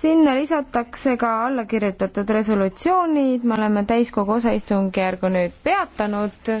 sinna lisatakse ka allakirjutatud resolutsioonid, me oleme täiskogu osaistungjärgu nüüd peatanud.